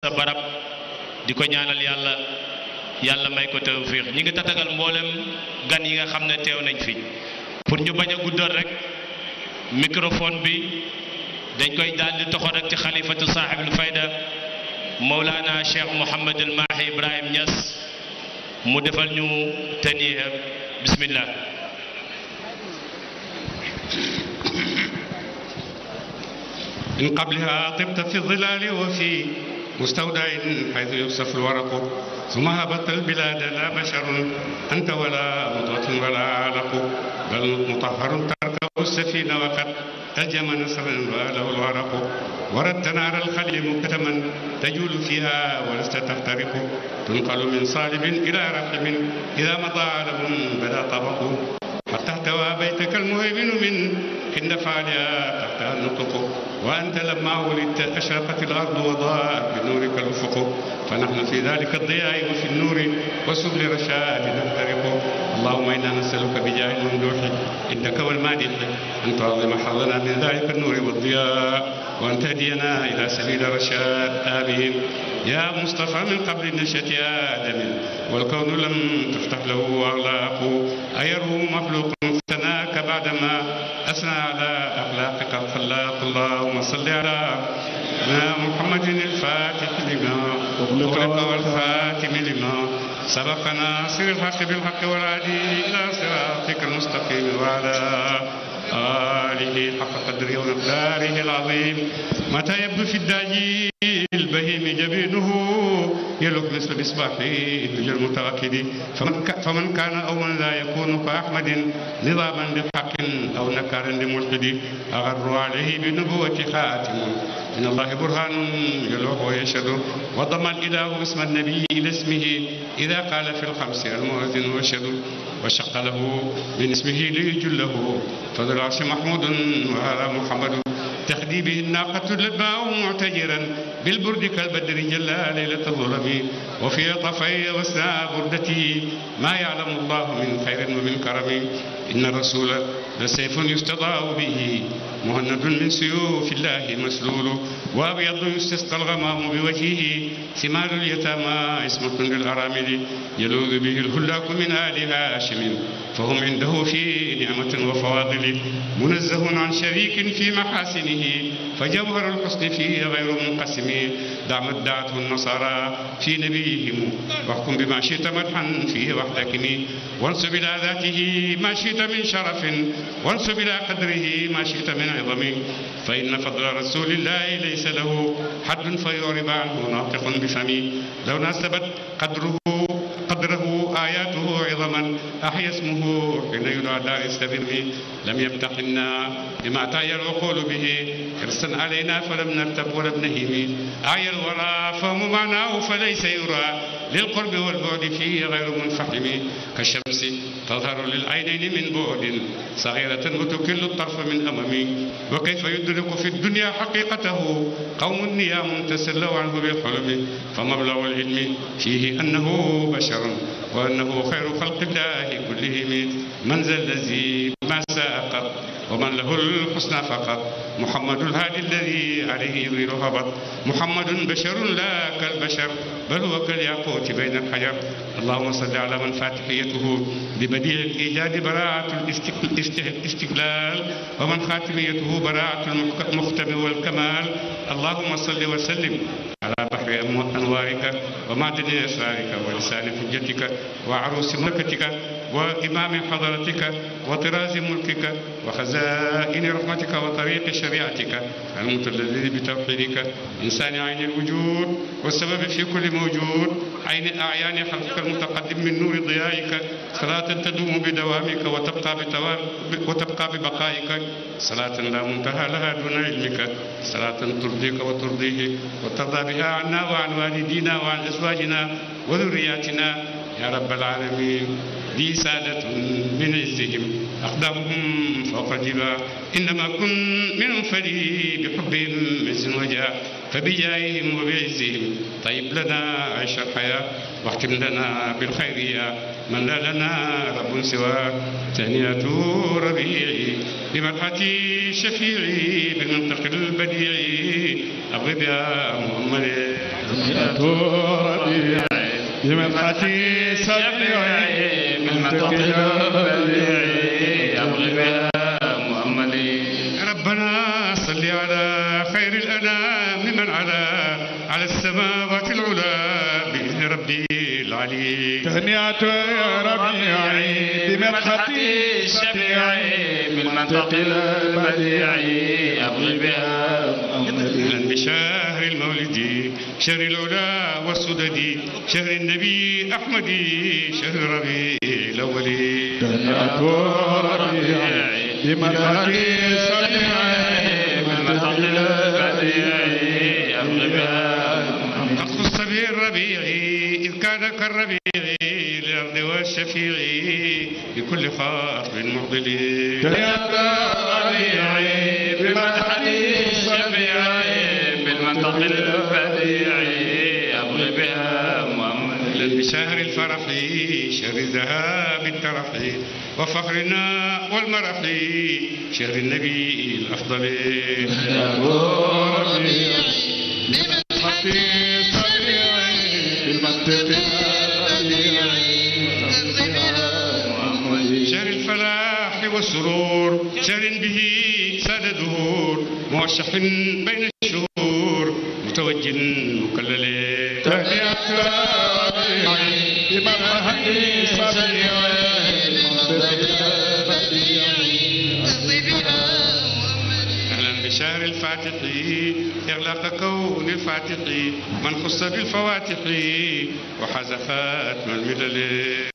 sa barab di ko ñaanal yàlla yàlla may ko tawfiix ñi ngi tatagal mboolem gan yi nga xam ne teew nañ fi pour ñu baña a guddal rek microphone bi dañ koy daal di toxo rek ci xalifatu saaxibul fayda Mawlana Cheikh Mouhamed El Mahi Ibrahim Niass mu defal ñu taniya bismillah in qabliha tibta fi zilaali wa fi مستودع حيث يخسف الورق ثم هبط البلاد لا بشر أنت ولا مضغة ولا علق بل مطهر تركه السفينة وقد أجم نصرا وآله الورق وردت نار الخليم كتما تجول فيها ولست تفترق تنقل من صالب إلى رحم إذا مضى لهم بلا طبق حتى احتوى بيتك المهيمن من حين فعلها تحتها النطق وأنت لما ولدت أشرقت الأرض وضاءت بنورك الأفق فنحن في ذلك الضياء وفي النور وسبل رشاد نخترق اللهم إنا نسألك بجاه الممدوح عندك والمادح أن تعظم حظنا من ذلك النور والضياء وأن تهدينا إلى سبيل رشاد آمين يا مصطفى من قبل نشأة آدم والكون لم تفتح له أغلاق أيروه مخلوق ثناك بعدما أثنى على الخلاق اللهم صل على محمد الفاتح لما أغلق والخاتم لما سبق ناصر الحق بالحق والعدي إلى صراطك المستقيم وعلى آله حق قدره ومقداره العظيم متى يبدو في الدجيل البهيم جبينه يلوك مثل مصباح النجر المتوكد فمن, فمن كان أولا لا يكون كأحمد نظاما بحق أو نكارا لملحد أغر عليه بنبوة خاتم من الله برهان يلوح ويشهد وضم الإله اسم النبي إلى اسمه إذا قال في الخمس المؤذن وشهد وشق له من اسمه ليجله فذو العرش محمود وهذا محمد تخدي به الناقة لباء معتجرا بالبرد كالبدر جلى ليلة الظلم وفي طفي وسنى بردتي ما يعلم الله من خير ومن كرم إن الرسول لسيف يستضاء به مهند من سيوف الله مسلول وابيض يستسقى الغمام بوجهه ثمار اليتامى اسمة للارامل يلوذ به الهلاك من ال هاشم فهم عنده في نعمة وفواضل منزه عن شريك في محاسنه فجوهر الحسن فيه غير منقسم دعمت دعته النصارى في نبيهم واحكم بما شئت مدحا فيه واحتكم وانسب الى ذاته ما شئت من شرف وانسب الى قدره ما شئت من عظم فإن فضل رسول الله ليس له حد فيعرض عنه ناطق بفمي لو نسبت قدره قدره آياته عظما أحيا اسمه حين ينادى استبر لم يمتحنا بما تعي العقول به حرصا علينا فلم نرتب ولم نهيم أعيا الورى فهم معناه فليس يرى للقرب والبعد فيه غير منفحم كالشمس تظهر للعينين من بعد صغيرة وتكل الطرف من أمامي وكيف يدرك في الدنيا حقيقته قوم نيام تسلوا عنه بالحلم فمبلغ العلم فيه أنه بشر وأنه خير خلق الله كلهم من ذا الذي ما ساء قط ومن له الحسنى فقط محمد الهادي الذي عليه جبريل هبط محمد بشر لا كالبشر بل هو كالياقوت بين الحجر allahuma salli ala man faatihiyatuhu bi badii ijaadi baraatul istiqlaal wa man xaatimiyatuhu baraatul muxtami wal kamaal allahuma salli wa sallim ala bahri anwaarika wa madani asraarika wa lisaani hujjatika wa aruusi malakatika wa imaami xadaratika wa tiraasi mulkika wa xazaaini rahmatika wa tariqi shariatika almutaladini bi tawxidika insaani ayni alwujud wa sababi fi kulli mawjud ayni ayaani xalqika المتقدم من نور ضيائك صلاة تدوم بدوامك وتبقى بتوام وتبقى ببقائك صلاة لا منتهى لها دون علمك صلاة ترضيك وترضيه وترضى بها عنا وعن والدينا وعن أزواجنا وذرياتنا يا رب العالمين لي سادة من عزهم أقدامهم فوق الجبال إنما كن من فري بحبهم عز وجاه فبجاههم وبعزهم طيب لنا عيش الحياة واختم لنا بالخير يا من لا لنا رب سوى ثانية ربيعي بمرحتي شفيعي بالمنطق البديعي أبغض يا محمد ثانية ربيعي بمرحتي شفيعي بالمنطق البديعي تهنئة ربيعي بمرحتي شفيعي بالمنطق البديع أبغي بها بشهر المولد شهر العلا والسدد شهر النبي أحمد شهر ربيع الأول تهنئة ربيعي بمرحتي شفيعي بالمنطق البديع أبغي بها شبه الربيع إذ كان كالربيع للأرض والشفيع بكل خاطب معضل يا ربيع بمدحه الشفيع بالمنطق البديع أبغي بها محمد بشهر الفرح شهر ذهاب الترف وفخرنا والمرح شهر النبي الأفضل يا ربيع بمدحه الفلاح والسرور سر به ساد دهور مرشح بين الشهور متوج مكلل تهدئة بمن هدي صدري شهر الفاتح إغلاق كون الفاتح من خص بالفواتح وحذفت من الملل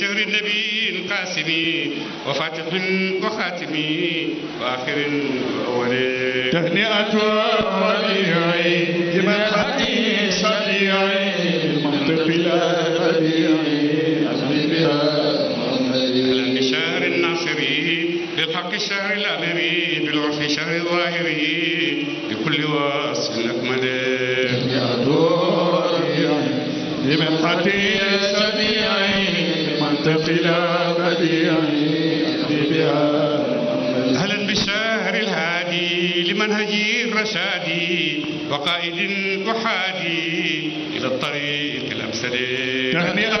شهر النبي القاسم وفاتح وخاتم واخر واول تهنئه وليعي لمن خاتم صديعي المحتفل بديعي اهل بها اهلا بشهر الناصر بالحق الشهر الامري بالعرف شهر الظاهر بكل واصف اكمل بمنحتي سبيعي منتقل بديعي بها أهلا بالشهر الهادي لمنهج الرشاد وقائد أحادي إلى الطريق الأمثل تهنئة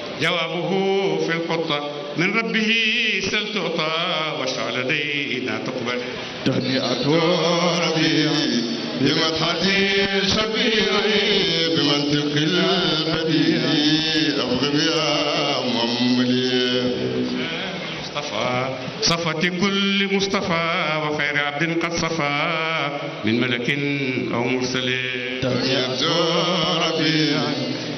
جوابه في الخطة من ربه سل تعطى واشفع لدينا تقبل تهنئة ربيعي بمدحة شفيعي بمنطق البديع أبغب يا مملي مصطفى صفة كل مصطفى وخير عبد قد صفى من ملك أو مرسل تهنئة ربيعي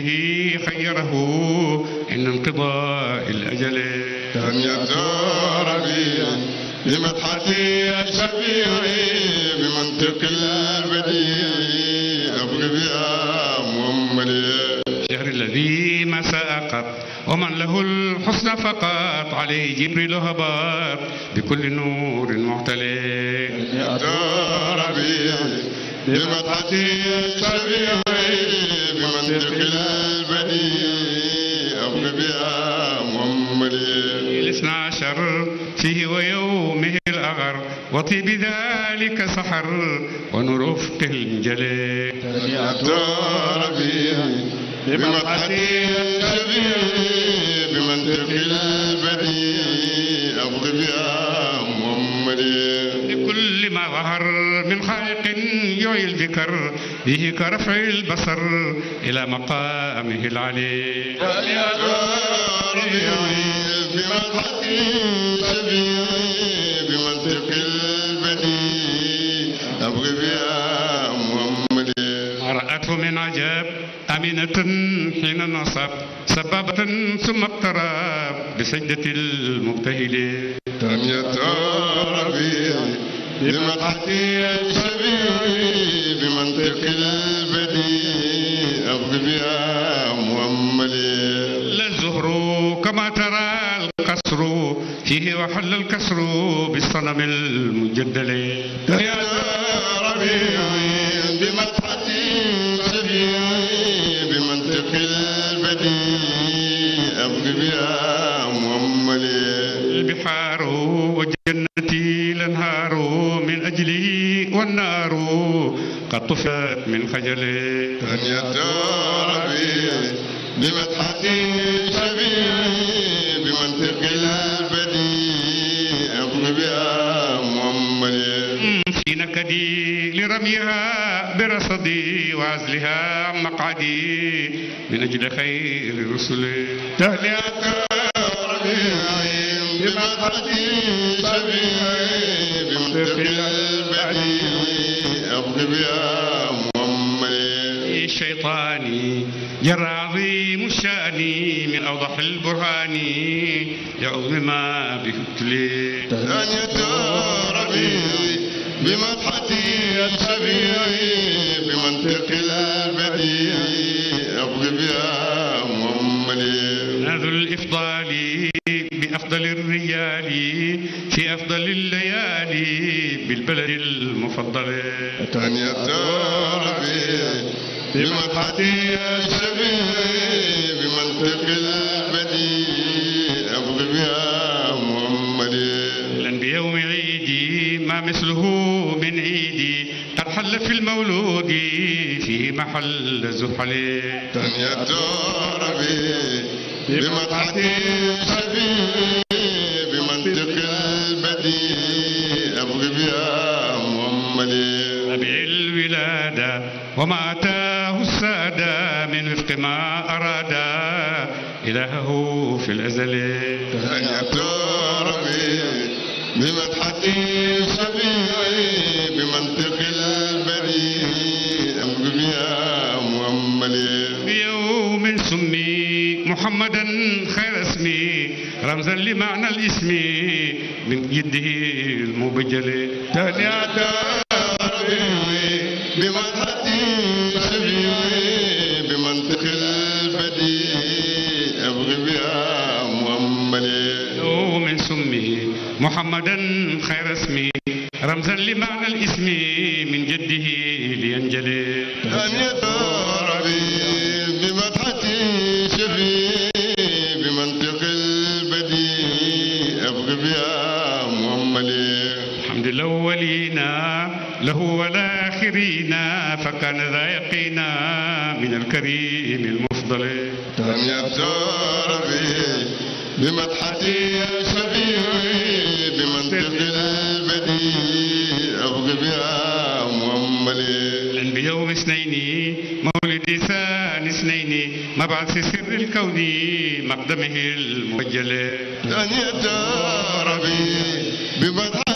به خيره عند انقضاء الأجل كم يبدو ربيعا لمدحتي الشفيع بمنطق البديع أبقي بها محمد الشهر الذي ما ساقط ومن له الحسن فقط عليه جبريل هبط بكل نور معتلي يا ربيع بمدحتي الشفيع فيه ويومه الأغر وطيب ذلك سحر ونرفق الجليل بمنطق الشريف بمنطق البديع أفضل يا محمد لكل ما ظهر من خالق يعي الذكر به كرفع البصر إلى مقامه العلي بمنطق شبيه بمنطق البديع أبغي بها محمد رأته من عجاب أمينة حين نصب سبابة ثم اقترب بسجدة المبتهلين لم يتعرف لما تحتي السبيل بمنطق البديع أخذ بها مؤملي للزهر كما ترى القصر فيه وحل الكسر بالصنم المجدل يا ربيعي قد طفى من خجلي أن يدور بي بمدحة شبيه بمنطق البديع أقل بها محمد في نكدي لرميها برصدي وعزلها عن مقعدي من أجل خير رسلي تهلئة ربيعي بمدحة شبيه بمنطق البديع يا محمد شيطاني جرى عظيم شاني من اوضح البرهان يعظم ما بكتلي تهنيت ربي بمدحتي السبيعي بمنطق البديع اقلب يا محمد هذا الافضال بأفضل الرجال في أفضل الليالي بالبلد المفضل تاني ربي بمدحتي يا شبيب بمنطق البديع أبغي بها محمد لن بيوم عيدي ما مثله من عيدي قد حل في المولود في محل زحلي تاني ربي بمدحتي خبيب بمنطق البديع أبغي بها محمدي أبيع الولادة وما أتاه السادة من وفق ما أراد إلهه في الأزل أن ربي بمدحتي خبيب بمنطق محمدا خير اسمي رمزا لمعنى الاسم من جده المبجل تنادى بمنطق شبيعي بمنطق الفدي ابغي بها مؤملي من سمي محمدا خير اسمي رمزا لمعنى الاسم من جده وكان ذا يقينا من الكريم المفضل لم يبتر بمدحتي الشبيه بمنطق البديع أبغي بها مؤملي بيوم اثنين مولد ثان اثنين مبعث سر الكون مقدمه الموجل أن يدار بي بمدحتي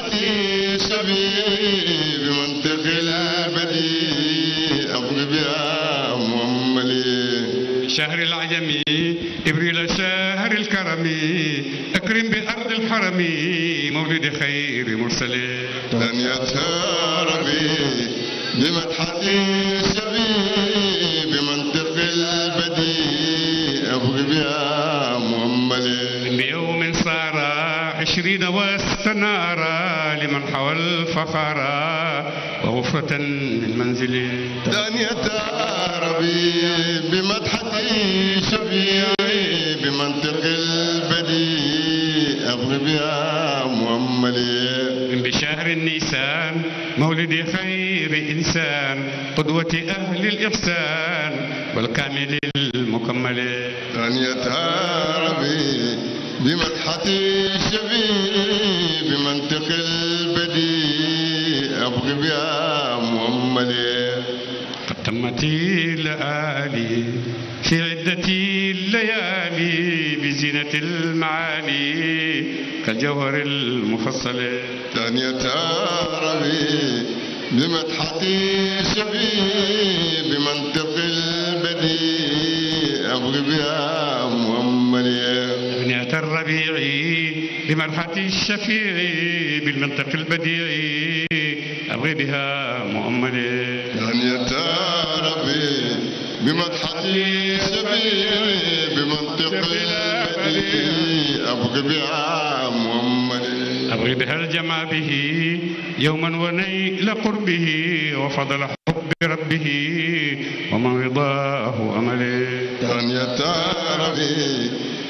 محمد بيوم صار عشرين واستنار لمن حوى الفخر وغفرة من منزل دانية ربي بمدحتي شفيعي بمنطق البديع أبغي بها مؤملي بشهر النيسان مولد خير إنسان قدوة أهل الإحسان والكامل المكمل أن يتعربي بمدحة الشفيع بمنطق البديع أبغي بها محمد قد تمت لآلي في عدة الليالي بزينة المعالي كالجوهر المفصل ثانية ربي بمدحة شفي بمنطق أبغي بها محمد أغنية الربيع بمرحة الشفيع بالمنطق البديع أبغي بها محمد أغنية الربيع بمدحة الشفيع بمنطق البديع أبغي بها محمد أبغي بها الجمع به يوما ونيل قربه وفضل حب ربه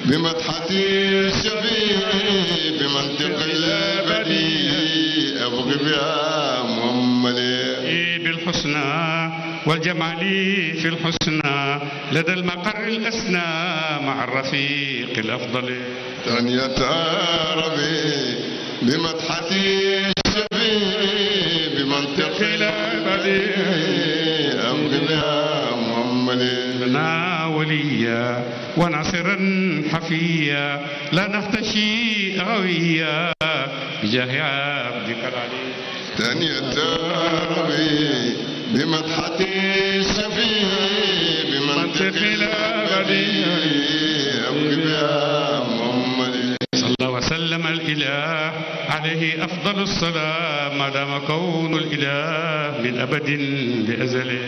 بمدحتي شفيعي بمنطق البديع أبغي بها مملي بالحسنى والجمال في الحسنى لدى المقر الأسنى مع الرفيق الأفضل تانية ربي بمدحتي الشفيع بمنطق البديع أبغي بها مملي لنا وليا وناصرا حفيا لا نختشي غويا بجاه عبدك العلي ثاني الدربي بمدحتي شفي بمنطق الابدي ابكي بها محمد صلى الله وسلم الاله عليه افضل الصلاه ما دام كون الاله من ابد لازله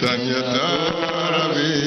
ثاني الدربي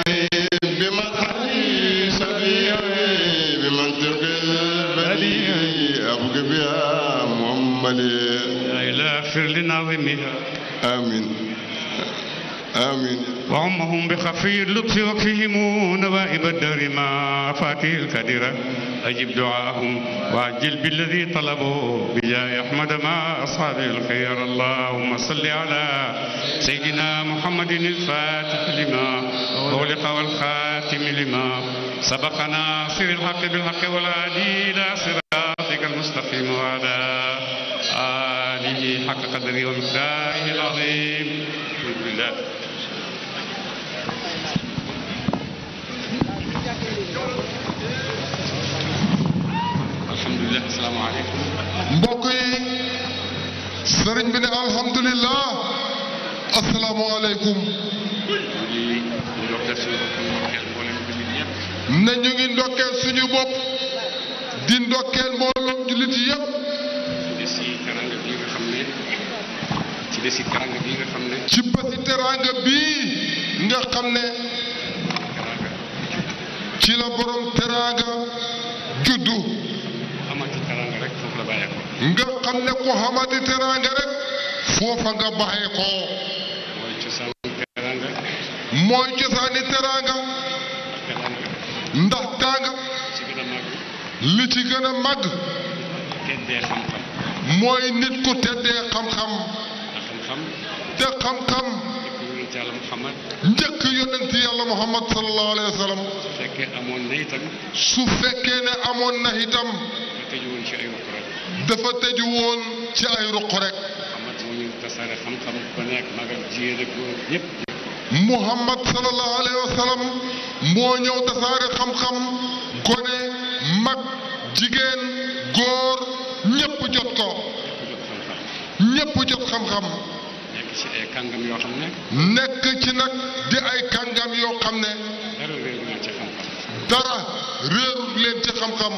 عظيمها آمين آمين وعمهم بخفي اللطف وكفهم نوائب الدهر ما فاته الكدرة أجب دعاهم وعجل بالذي طلبوا بجاه أحمد ما أصحاب الخير اللهم صل على سيدنا محمد الفاتح لما أغلق والخاتم لما سبق ناصر الحق بالحق والهادي إلى صراطك المستقيم وعلى آه ومقداره حق قدره ومقداره العظيم الحمد لله الحمد لله السلام عليكم مبوكي سرين بن الحمد لله السلام عليكم na ñu ngi ndokkeel suñu bopp di ndokkeel mbooloom jullit yépp bési teranga bii nga xam ci bési teranga bii nga xam ne. ci la borom teranga juddu. nga xam ne ku xamati teranga rek. foofa nga bàyyeekoo. mooy mooy cosaani teranga. ndax tànga. li ci gën a màgg. mooy nit ku teddee xam-xam. te xam-xam. njëkk yonent yàlla Muhammad sallallahu alayhi wa sallam. su fekkee amoon na itam. su fekkee ne amoon na itam. dafa tëju woon ci ay ruq rek. dafa tëju woon ci ay ruq rek. Muhammad moo ñu tasaare xam-xam ku nekk mag ak jigéen ak góor ñëpp. Muhammad sallallahu alayhi wa sallam moo ñëw tasaare xam-xam gone mag jigéen góor ñëpp jot ko. ñëpp jot xam-xam. nekk ci ay kàngam yoo xam nag di ay kàngam yoo xam ne. dara réeru leen ci xam-xam.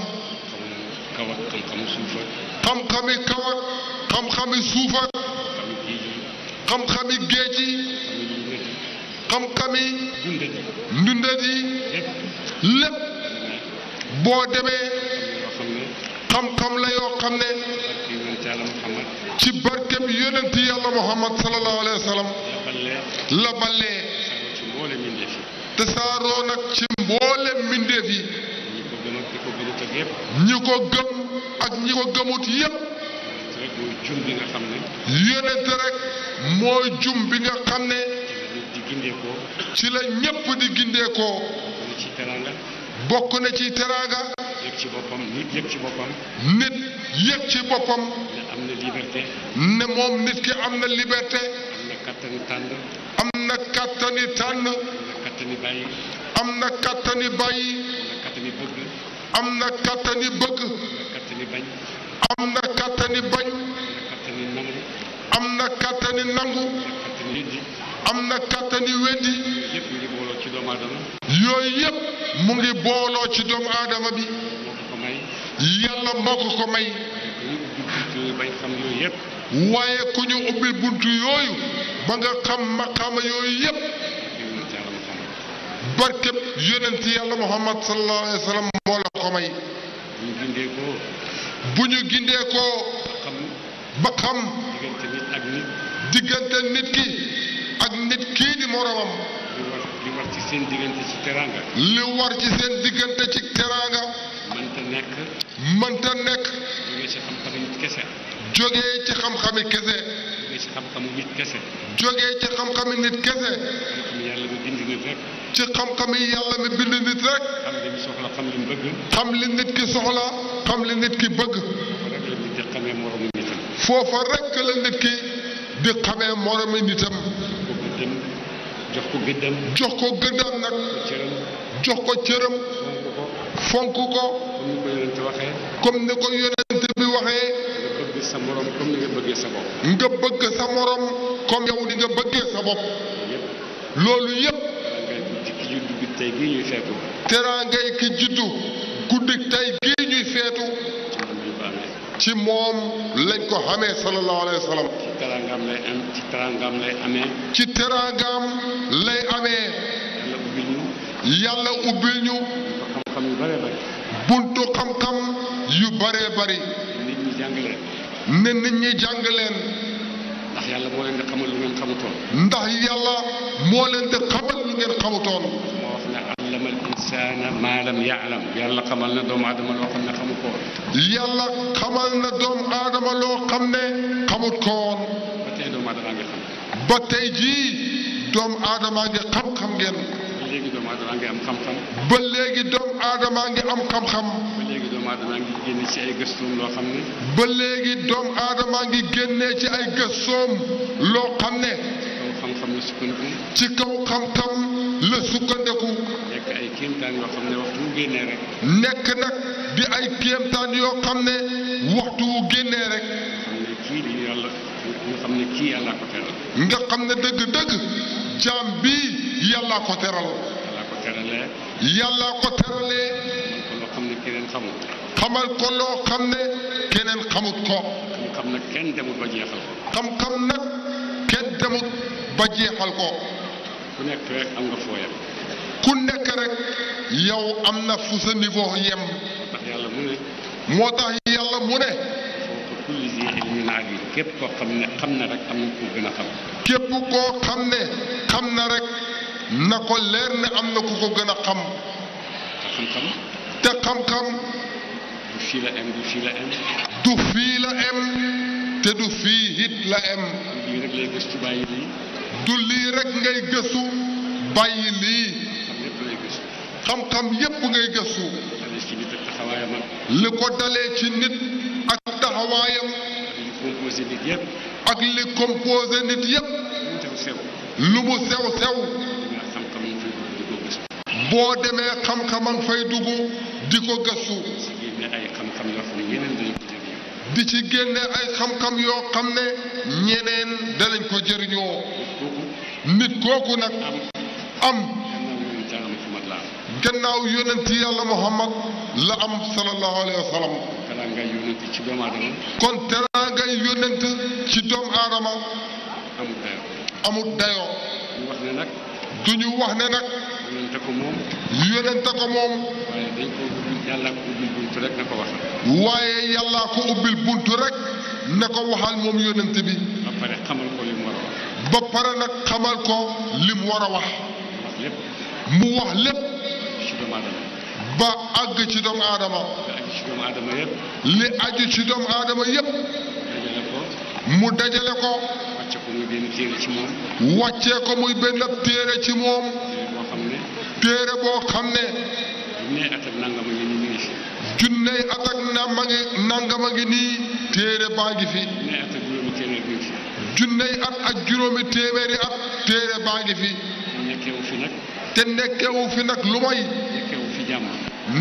xam xami kaw xam-xami suuf xam-xami géej yi. xam-xami. ndundat lépp. boo demee. xam-xam la yoo xam ne. yàlla Muhammad ci barkeb yonent yàlla Muhammad sallallahu te saaroo nag ci mboole mbindeef yi ñi ko gëm ak ñi ko gëmut yépp yonent rek mooy jum bi nga xam ne ci la ci la ñépp di gindeekoo bokk na ci teraanga. ci boppam nit yëg ci boppam. nit ci boppam. ne moom nit ki am na liberté. am na kattani tànn. am na kattani tànn. am na kattani bàyyi. am na kattani bàyyi. am na kattani bëgg. am na kattani bëgg. am na kattani nangu. am na kattani nangu. yooyu yëpp mu ngi booloo ci doomu aadama bi yàlla moo ko ko may waaye ku ñu ubbi buntu yooyu ba nga xam maqaama yooyu yëpp barkeb yonent yàlla muhammad moo la ko may bu ñu gindee koo ba xam diggante nit ki ak nit kii di moroomam li war ci seen diggante ci teraanga. li war ci seen diggante ci teraanga. mënta nekk. nekk. jógee ci xam-xamu nit kese. jógee ci xam-xami kese. jógee ci xam-xamu nit kese. ci xam xam-xam yàlla mi bind nit rek. xam li nit ki soxla. xam li nit ki bëgg. foofa rek la nit ki di xamee moromu nitam. jox ko gëddam jox ko gëddam jox ko cëram. fonk ko. comme ni ko yonent bi waxee. nga bëgg sa morom comme ni nga bëggee sa bopp. nga bëgg sa morom comme yow ni nga bëggee sa bopp. loolu yépp teraangay ki juddu gii ñuy feetu. ci moom lañ ko xamee sallallahu alayhi wa ci teraangaam lay am ci teraangaam lay amee. ci teraangaam lay amee. yàlla ubbil ñu. buntu xam-xam yu bëree bëri. nit ñi jàng leen. ne nit ñi jàng leen. ndax yàlla moo leen di xamal lu ngeen xamutoon. ndax yàlla moo allama al insana maa lam yaalam yàlla xamal na doomu aadama loo xam ne xamu ko woon. yàlla xamal na doomu aadama loo xam ne xamut ko woon. ba tey doomu aadama ngi xam. ba tey jii doomu aadama ngi xam-xam ngeen. ba léegi doomu aadama ngi am xam-xam. ba léegi doomu aadama ngi am xam-xam. ba léegi doomu aadama ngi génne ci ay gëstoom loo xam ne. ba léegi doomu aadama ngi génne ci ay gëstoom loo xam ne. ci kaw xam-xam la sukkandiku. ci kaw xam-xam. la sukkandeku. nekk ay kéemtaan yoo xam ne waxtu wu génnee rek. nekk nag di ay kéemtaan yoo xam ne waxtu wu génnee rek. kii nga xam ne nga dëgg-dëgg jaam bii yàllaa ko teral. yàllaa ko teralee. yàllaa ko teralee. xam ne kenn demut ko. xam-xam nag kenn demut ba jeexal ko. ku nekk rek am yow am na fu sa yem. moo tax yàlla mu ne. moo tax yàlla mu ne. képp koo xam ne xam na rek am na a xam. képp koo xam ne xam na rek na ko leer ne am na ku ko gën a xam. te xam-xam. du fii la em du fii la em. du fii la em te du fii it la em. du lii rek ngay gëstu bàyyi lii xam-xam yépp ngay gëstu li ko dalee ci nit ak taxawaayam ak li composé nit yépp lu mu sew sew boo demee xam-xamam fay dugg di ko gëstu di ci génne ay xam yoo xam ne ñeneen dalañ ko jëriñoo nit kooku nag am gannaaw yonent yàlla Muhammad la am sallallahu alayhi wa sallam kon teraangay yonent ci doomu aadama amut dayoo duñu wax ne nag. yonente ko moom. yonente ko moom. buntu rek na ko waxal. waaye yàllaa ko ubbil buntu rek na ko waxal moom yonente bi. ba pare xamal ko li mu war wax. ko li mu war a wax. mu wax lépp. ba àgg ci doomu aadama. li aju ci doomu aadama yépp mu dajale ko. wàcce ko muy benn téere ci moom. wàccee ko muy benn téere ci moom. téere boo xam ne. junney at ak nangam a ngi nangam nii téere baa ngi fi. junney at ak juróomi téeméeri at téere baa ngi fi. nekkewu fi nag. te nekkewu fi nag lu may. nekkewu fi jàmm.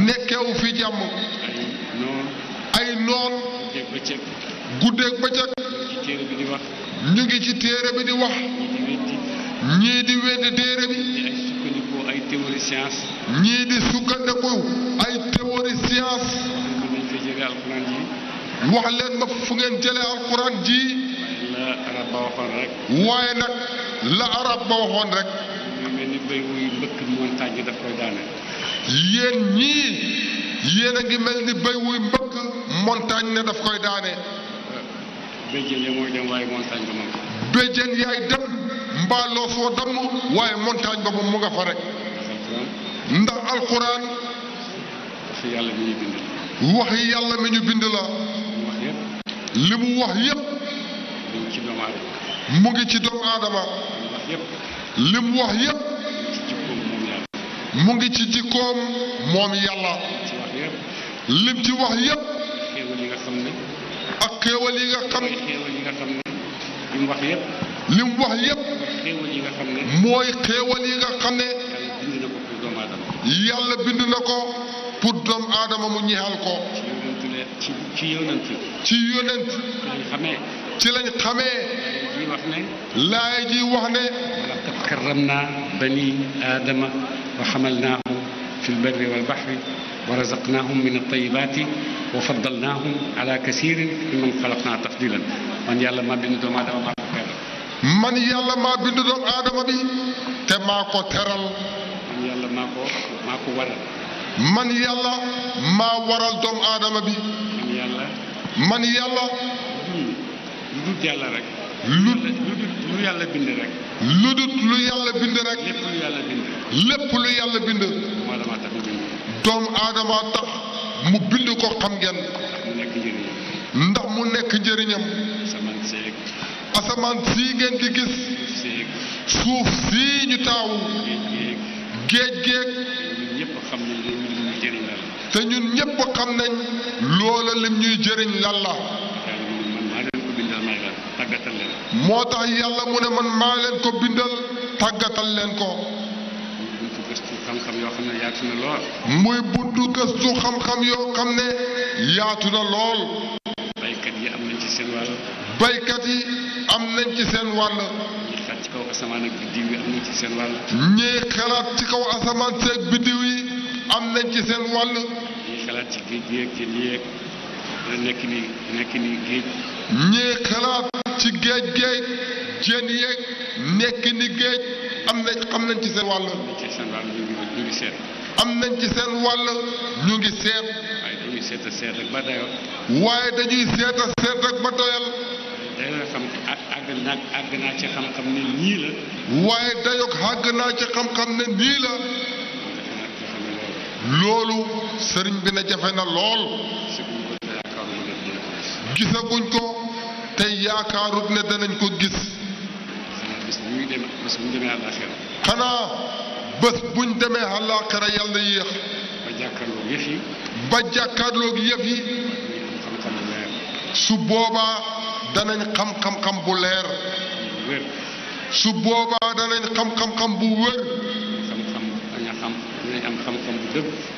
nekkewu ay noon. ay bëccëg. ñu ngi ci téere bi di wax. ñii di wedd téere bi. ñii di sukkandiku ay théorie science. ñii di ay théorie science. wax leen fu ngeen jëlee alquran ji. waaye nag la arab ba waxoon rek. yéen ñii yéen a ngi mel ni béy wuy mbëkk montagne ne daf koy daane. béjjén ya mooy dem waaye montagne ba moom. béjjén yaay dem mbaa loosoo damm waaye montagne ba moom mu nga fa rek. ndax alxuraan. wax yàlla mi ñu bind la. li mu wax yépp mu ngi ci doomu aadama. li mu wax yépp mu ngi ci jikkoom moom yàlla. lim ci wax yépp ak xéewal yi nga xam. mooy xéewal yi nga xam ne li mu wax yépp. li mu wax yépp. xéewal yi nga xam ne. mooy xéewal yi nga xam ne. yàlla bind na ko pour doomu aadama mu ñeexal ko. ci ci yonent. ci yonent. ci lañ xamee. laay ji wax ne. laqad karramnaa banii aadama wa hamalnaahum fil barri wal bahri wa razaqnaahum min at-tayyibaati wa faddalnaahum ala kasiirin mimman xalaqnaa tafdiilan man yàlla maa bind doomu aadama maa ko teral man yàlla maa bind doomu aadama bi te maa ko teral man yàlla maa ko maa ko waral man yàlla maa waral doomu aadama bi man yàlla man yàlla lu dut yàlla rek lu lu yàlla bind rek lu dut lu yàlla bind rek lépp lu yàlla bind lépp lu yàlla bind doomu aadama tax mu bind ko xam ngeen ndax mu nekk njëriñam asamaan sii ngeen di gis suuf sii ñu taawu géej géej te ñun ñépp xam nañ loola lim ñuy jëriñ yàlla moo tax yàlla mu ne man maa leen ko bindal tàggatal leen ko xam-xam yoo xam lool. muy buntu gëstu xam-xam yoo xam ne yaatu na lool. baykat yi am nañ ci baykat yi am nañ seen wàll. ñiy xalaat ci kaw asamaan ak biddiw yi am nañ ci seen wàll. ñiy xalaat ci kaw asamaan seeg yi am nañ ci seen wàll. ñiy xalaat ci géej ni nekk ni géej. ñiy xalaat ci géej géej jën yeeg nekk ni géej. am nañ xam nañ ci seen wàll. ñu ngi am nañ ci seen wàll ñu ngi seet. waaye dañuy seet seet rek ba doyal. waaye dañuy seet a ba doyal. dayoo xam àgg naa ci xam-xam ne nii la. waaye dayoog àgg naa ci xam ne nii la. loolu sëriñ bi na jafe na lool. gisaguñ ko te yaakaarut ne danañ ko gis. xanaa. bés buñ demee àllaaxira yàlla yéex. ba jàkkaarloog yëf yi. ba jàkkaarloog yëf yi. su boobaa danañ xam-xam-xam bu leer. su boobaa danañ xam xam bu wér.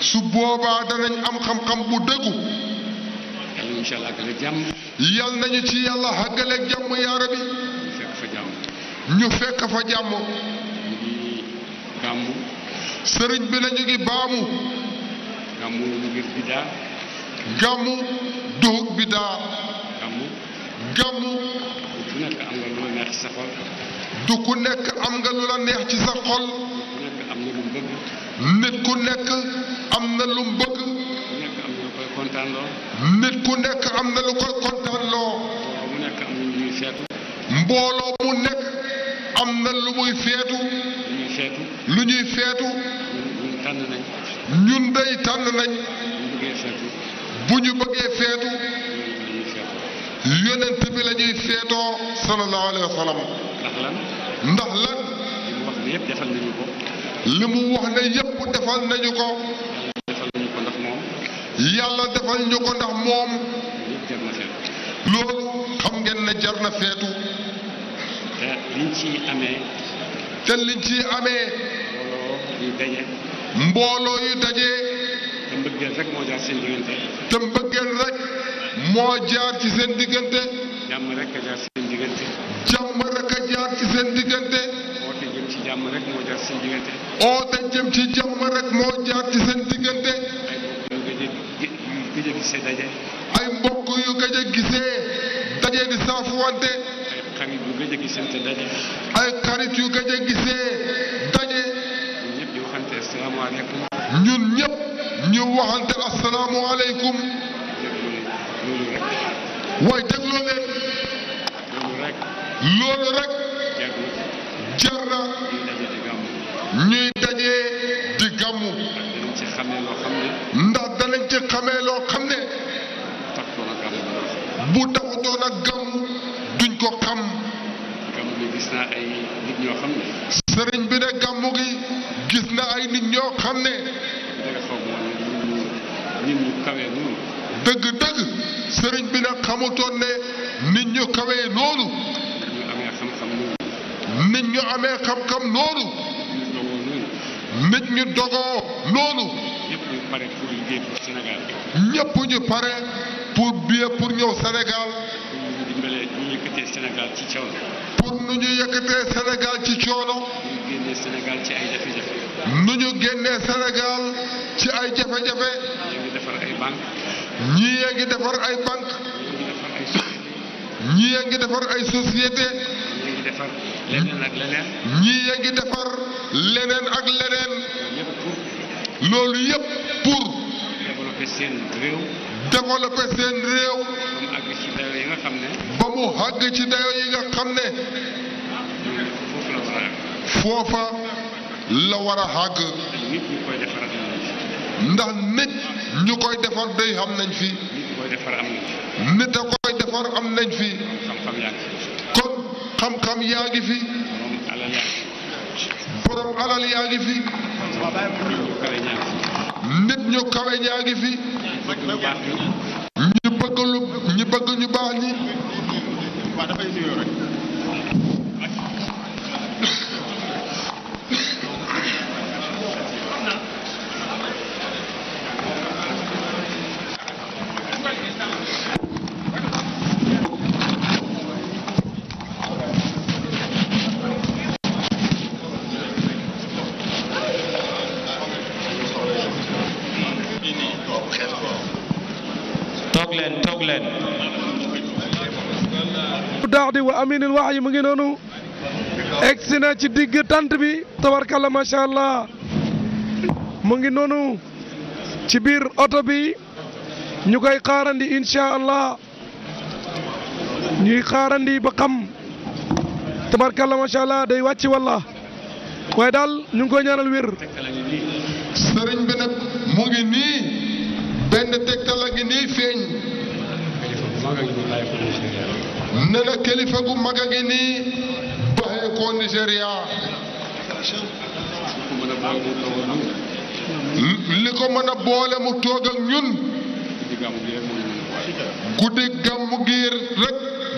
su boobaa danañ am xam-xam bu dëggu. yal nañu ci yàlla àggale jàmm. yaa rabbi. ñu fekk fa jàmm. gàmmu sëriñ bi nañu ngi baamu lu ngir biddaa gàmmu duhug biddaa gàmmu du ku nekk am nga lu la neex ci sa xol ku nekk nit ku nekk am na lu mu nit ku nekk am na lu koy kontaanloo mbooloo mu nekk am na lu muy feetu feetu. lu ñuy feetu. ñun tànn nañ. ñun day tànn nañ. bu ñu bëggee feetu. yonent bi la ñuy feetoo. sallallahu alayhi wa ndax lan. ndax mu wax ne yëpp defal nañu ko. yàlla defal ñu ko ndax moom loolu xam ngeen ne jar na feetu amee te ci amee. mbooloo yu daje. te mbëggeel rek moo jaar moo jaar ci seen diggante. jàmm rek a jaar ci seen diggante. oote jëm ci jàmm rek moo jaar seen diggante. oote jëm ci jàmm rek moo ay mbokk yu gëj a daje di saafuwante. xarit yu gëj a gisante daje. ay xarit yu gëj a gisee daje. ñun ñëpp ñu waxante asalaamaaleykum. ñun ñëpp ñu waxante asalaamaaleykum. waaye dégloo leen. loolu rek. loolu rek. jar na. ñuy daje di gàmmu. ndax danañ ci xamee loo xam ne. bu taxutoon ak gàmmu. ko sëriñ bi ne gàmmu gi gis na ay nit ñoo xam ne. nit dëgg-dëgg sëriñ bi nag xamutoon ne nit ñu kawee noonu. nit ñu amee xam-xam noonu. nit ñu dogoo noonu. ñëpp ñu pare pour ñëw Sénégal. dimbalee nu ñu yëkkatee ci coono. pour nu ñu yëkkatee Sénégal ci coono. nu ñu génnee Sénégal ci ay jafe-jafe. ñii ngi defar ay ngi defar ay banque ñii yaa ngi defar ay société ñii yaa ngi defar leneen ak leneen. loolu yëpp pour. développé seen réew. ba mu àgg ci dayo yi nga xam ne. ba mu àgg ci dayo yi foofa la war a àgg. ndax nit ñu koy defar day am nañ fi. nit a koy defar am nañ fi. kon xam-xam yaa ngi fi. borom alal yaa ngi fi. nit ñu kawe ñaa ngi fi ñu bëgg ñu bëgg ñu baax ñi ahdi wa aminil wahyi mu ngi noonu egsi na ci digg tant bi tabarkalla macha allah mu ngi noonu ci biir oto bi ñu koy xaarandi incha ñuy xaarandi ba xam tabarkalla macha allah day wàcci walla waaye daal ñu ngi koy ñaanal wér. sëriñ bi nag mu ngi nii benn tegtal ngi nii feeñ. ne la kilifa gu mag a ngi nii doxee ko Nigéria li ko mën a boole mu toog ak ñun guddi gàmmu giir rek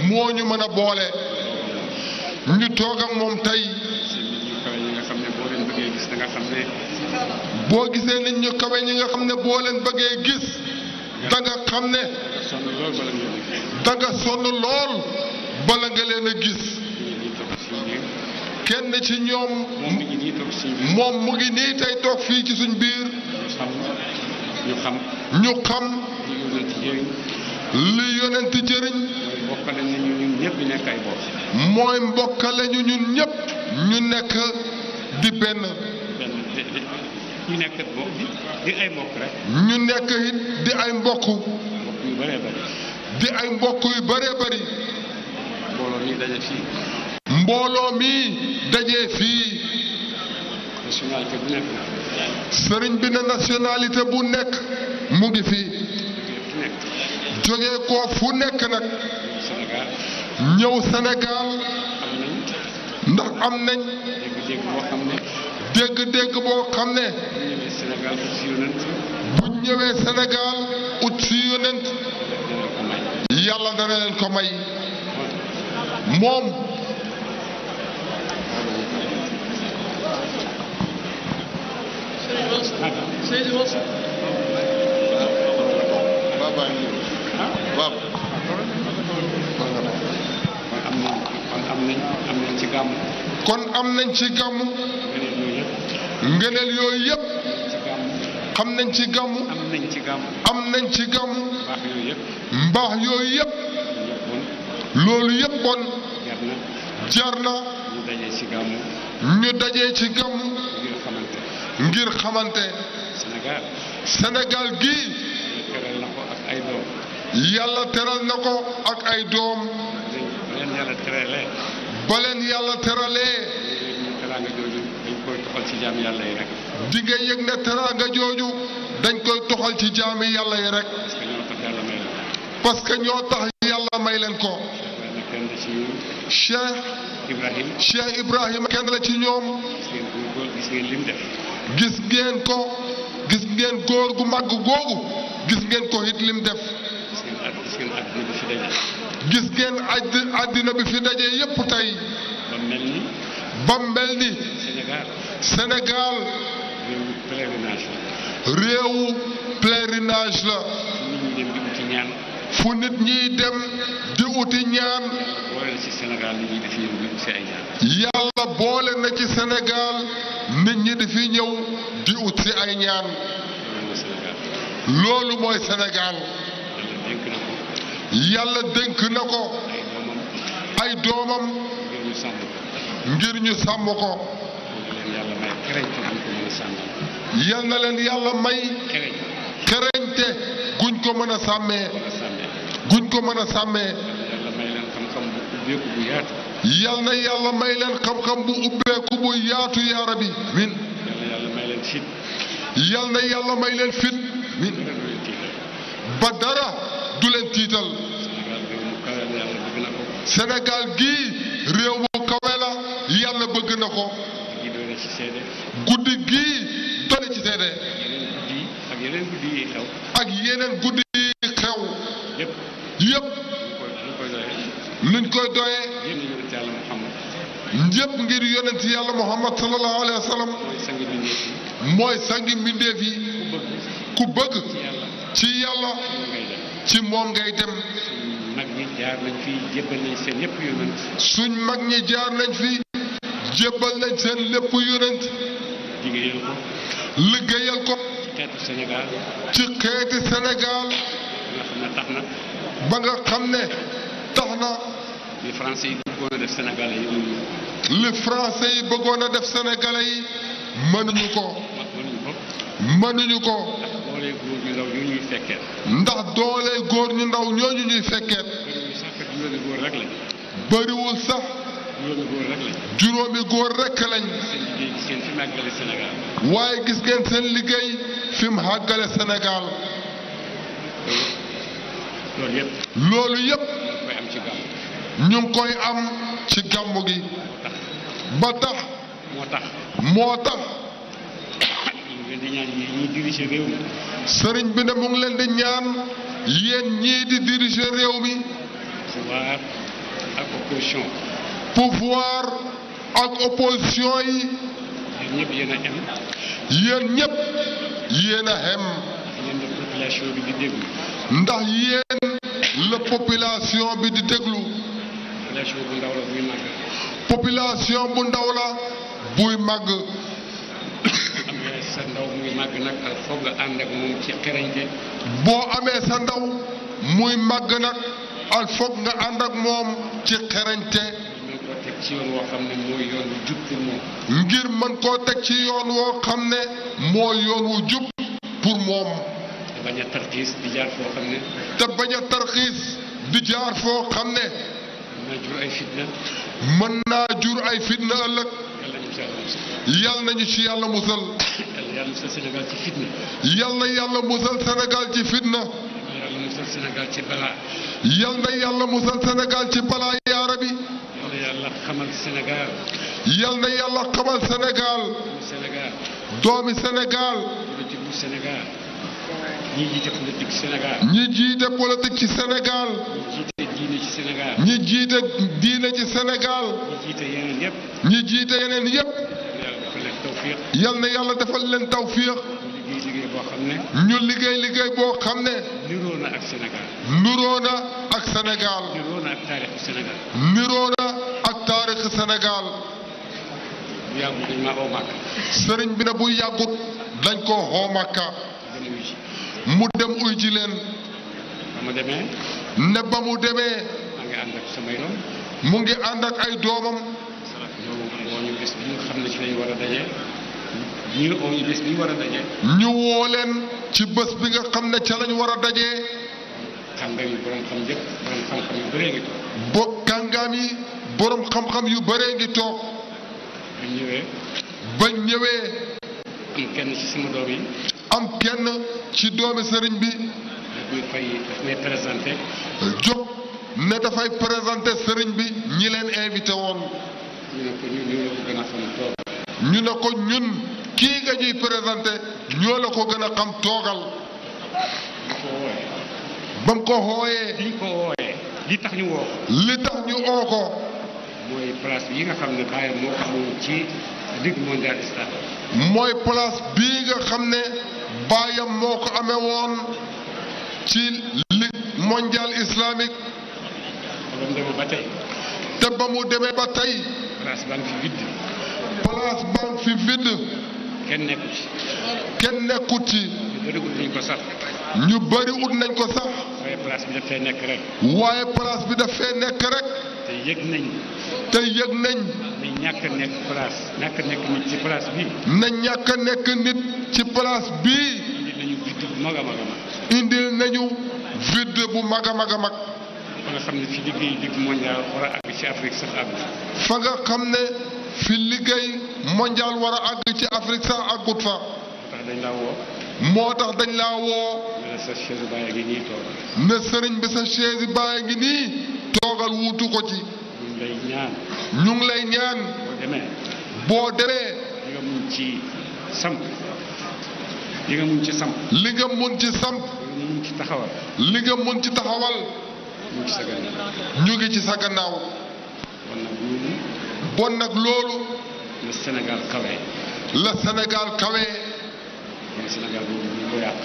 moo ñu mën a boole ñu toog ak moom tey boo gisee nit ñu kawe nga xam ne boo leen bëggee gis da nga xam ne da nga sonn lool bala nga leen a gis kenn ci ñoom moom mu ngi nii tey toog fii ci suñ biir ñu xam ñu xam li yonent jëriñ mooy mbokkale ñu ñun ñëpp ñu nekk di benn ñu nekk di ay mbokk rek. ñu nekk di ay mbokk. yu bëree bëri. di ay mbokk yu bëree bëri. mbooloo mi daje fii. mbooloo mi daje fii. sëriñ bi na nationalité bu nekk mu ngi fii. jógee ko fu nekk nag. ñëw Sénégal. ndax am nañ. dégg-dégg boo xam ne. bu ñëwee Sénégal ut si yonent yàlla ko may moom kon am nañ ci gàmm ngëneel yooyu yëpp xam nañ ci gàmmu am nañ ci gàmmu nañ ci gàmmu mbaax yooyu yëpp loolu yëpp bon jar na ñu dajee ci gàmmu ngir xamante Sénégal gi yàlla teral na ko ak ay doom ba yàlla teralee toxal ci jaami yàlla yi rek. yëg ne teraanga jooju dañ koy toxal ci jaami yàlla yi rek. parce que ñoo tax yàlla may leen ko. Cheikh Ibrahim kenn la ci ñoom. gis ngeen gis ngeen ko gis ngeen góor gu màgg googu gis ngeen ko it lim def. gis ngeen àddina bi fi daje yépp tey. ba mel ni. Sénégal réewu pèlerinage la fu nit ñiy dem di uti ñaan yàlla boole na ci Sénégal nit ñi di fi ñëw di ut si ay ñaan loolu mooy Sénégal yàlla dénk na ko ay doomam ngir ñu sàmm ko yal na leen yàlla may xereñte guñ ko mën a sàmmee guñ ko mën a sàmmee yal na yàlla may leen xam-xam bu ubbeeku bu yaatu yaara bi min yal na yàlla may leen fit min dara du leen tiital senegal gii réew mu kawe yàlla bëgg na ko ci guddi gii dolli ci seede. ak yeneen guddi yi xew. ak yeneen guddi yi xew. yëpp yëpp. luñ koy doyee. yëpp ngir yonent yàlla Muhammad sallallahu alayhi wa sallam. mooy sangi mbindeef yi. ku bëgg. ci yàlla. ci moom ngay dem. mag ñi fi jébbal nañ seen yëpp suñ mag ñi jaar nañ fi. jébbal nañ seen lépp yonent liggéeyal liggéeyal ko ci xeetu Sénégal ci xeeti ba nga xam ne tax na li français yi bëggoon def sénégalais yi li français yi bëggoon a def sénégalais yi mënuñu ko mënuñu ko ndax doole góor ñu ndaw ñooñu ñuy fekkeet bëriwul sax juróomi góor rekk lañ. waaye gis ngeen seen liggéey fi mu àggale Sénégal. loolu yëpp. loolu koy am ci gàmmu gi. ba tax. moo tax. sëriñ bi ne mu leen di ñaan yéen ñii di diriger réew mi. pouvoir ak opposition yi. yéen ñëpp yéen a xem. bi di déglu. ndax yéen la population bi di déglu. population bu ndaw la buy màgg. population bu màgg. amee sa ndaw muy màgg nag foog nga ànd ak moom ci xerañte. boo amee sa ndaw muy màgg nag al foog nga ànd moom ci xerañte. teg ci yoon woo xam ne mooy yoon wu jub pour moom. ngir mën koo teg ci yoon woo xam ne mooy yoon wu jub pour moom. te bañ a tarxiis di jaar foo xam ne. te bañ a tarxiis di jaar foo xam ne. mën naa jur ay fitna. mën naa jur ay fitna ëllëg. yal nañu ci yàlla musal. yal na yàlla musal Sénégal ci fitna. yal na yàlla musal Sénégal ci fitna. yal na yàlla musal Sénégal ci balaa. yal na yàlla musal Sénégal ci balaa yaara bi. yàlla xamal Sénégal. yal na yàlla xamal senegal Sénégal. doomi senegal politique bu Sénégal. ñi jiite politique Sénégal. ñi jiite politique ci Sénégal. ñi jiite diine ci Sénégal. ñi jiit diine ci Sénégal. ñi jiite yeneen yëpp. ñi yal na yàlla defal leen tawfiq. liggéey ñu liggéey liggéey boo xam ne. niroo na ak Sénégal. niroo na ak Sénégal. niroo na ak Sénégal. niroo na bu yàggut dañ maa oo Màkka. sëriñ ko oo mu dem uy ji leen. ba mu demee. ne ba mu ngi ànd doom. ay doomam. ñu oo ñu bés bi ñu leen ci bés bi nga xam ne ca lañ war a daje kàngaam yi borom xam yëpp borom xam yu bëree ngi toog. bo kàngaam yi borom xam-xam yu bëree ngi toog. bañ ñëwee. bañ ñëwee. am kenn ci sama doom doomi sëriñ bi. ñu fay daf may jóg ne dafay présenté sëriñ bi ñi leen invité woon. ñu ne ko ñun kii nga ñuy présenté ñoo la ko gën a xam toogal. ba mu ko xooyee. ko xooyee li tax ñu woo ko. mooy place yi nga xam ne bàyyi moo amoon bii nga xam ne baayam moo ko amee woon ci ligue mondiale islamique. te ba mu demee ba tey. place baa ngi fi vide. kenn nekkut ci. ñu bëri ut nañ ko sax. ñu bëri nañ ko sax. waaye place bi dafay nekk rek. waaye place bi dafay nekk rek. te yëg nañ. te yëg nañ. na ñàkk nekk place nit ci place bi. na ñàkk nekk nit ci place bii. indil nañu vide bu mag a mag a mag. fa nga xam ne fi liggéey ligue mondial war a àgg ci Afrique sax àgg. fa nga xam ne. fi liggéey mondial war a àgg ci Afrique sax àggut fa. moo tax dañ laa woo. ne sëriñ bi sa chaise baa ngi nii toogal wuutu ko ci. ñu lay ñaan. boo demee. li mun ci samp. li mun ci samp. ci samp. li nga taxawal. ñu ngi ci sa bon nag loolu. la Sénégal kawe. la senegal kawe. kon Sénégal googu buñ ko yàq.